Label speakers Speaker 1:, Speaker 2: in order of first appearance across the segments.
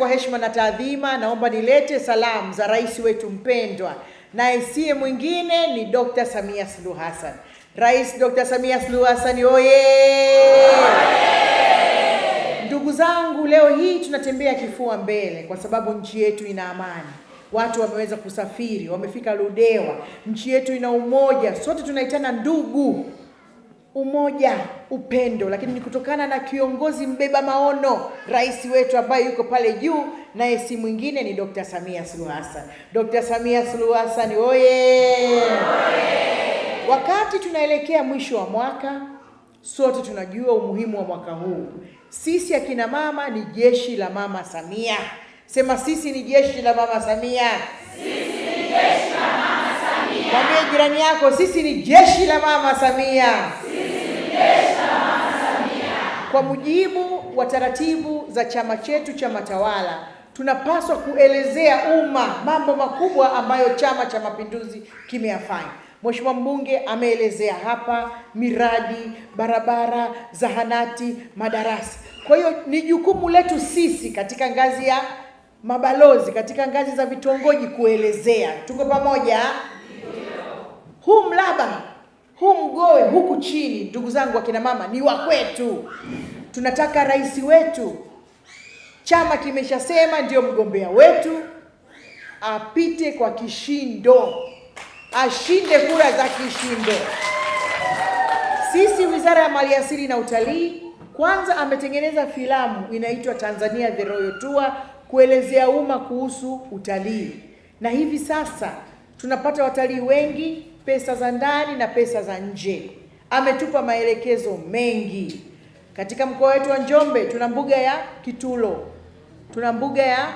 Speaker 1: kwa heshima na taadhima, naomba nilete salamu za rais wetu mpendwa, naye siye mwingine ni Dr. Samia Suluhu Hassan. Rais Dr. Samia Suluhu Hassan oye! Ndugu zangu, leo hii tunatembea kifua mbele kwa sababu nchi yetu ina amani. Watu wameweza kusafiri, wamefika Ludewa. Nchi yetu ina umoja, sote tunaitana ndugu umoja, upendo, lakini ni kutokana na kiongozi mbeba maono, rais wetu ambaye yuko pale juu, naye si mwingine ni Dr. Samia Suluhu Hassan. Dr. Samia Suluhu Hassan oye! Wakati tunaelekea mwisho wa mwaka, sote tunajua umuhimu wa mwaka huu. Sisi akina mama ni jeshi la mama Samia. Sema, sisi ni jeshi la mama Samia.
Speaker 2: Sisi ni jeshi la mama Samia.
Speaker 1: Mwambie jirani yako, sisi ni jeshi la mama Samia kwa mujibu wa taratibu za chama chetu cha matawala tunapaswa kuelezea umma mambo makubwa ambayo Chama cha Mapinduzi kimeyafanya. Mheshimiwa mbunge ameelezea hapa miradi, barabara, zahanati, madarasa. Kwa hiyo ni jukumu letu sisi katika ngazi ya mabalozi, katika ngazi za vitongoji kuelezea. Tuko pamoja? Huu mlaba huu mgoe huku chini, ndugu zangu kina mama, ni wa kwetu. Tunataka rais wetu, chama kimeshasema ndio mgombea wetu, apite kwa kishindo, ashinde kura za kishindo. Sisi wizara ya maliasili na utalii kwanza ametengeneza filamu inaitwa Tanzania The Royal Tour kuelezea umma kuhusu utalii, na hivi sasa tunapata watalii wengi pesa za ndani na pesa za nje. Ametupa maelekezo mengi. Katika mkoa wetu wa Njombe tuna mbuga ya Kitulo, tuna mbuga ya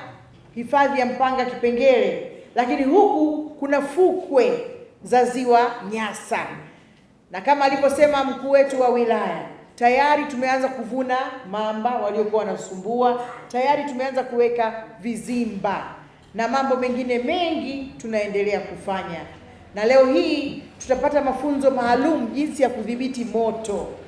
Speaker 1: hifadhi ya Mpanga Kipengere, lakini huku kuna fukwe za ziwa Nyasa, na kama alivyosema mkuu wetu wa wilaya tayari tumeanza kuvuna mamba waliokuwa wanasumbua, tayari tumeanza kuweka vizimba na mambo mengine mengi tunaendelea kufanya na leo hii tutapata mafunzo maalum jinsi ya kudhibiti moto.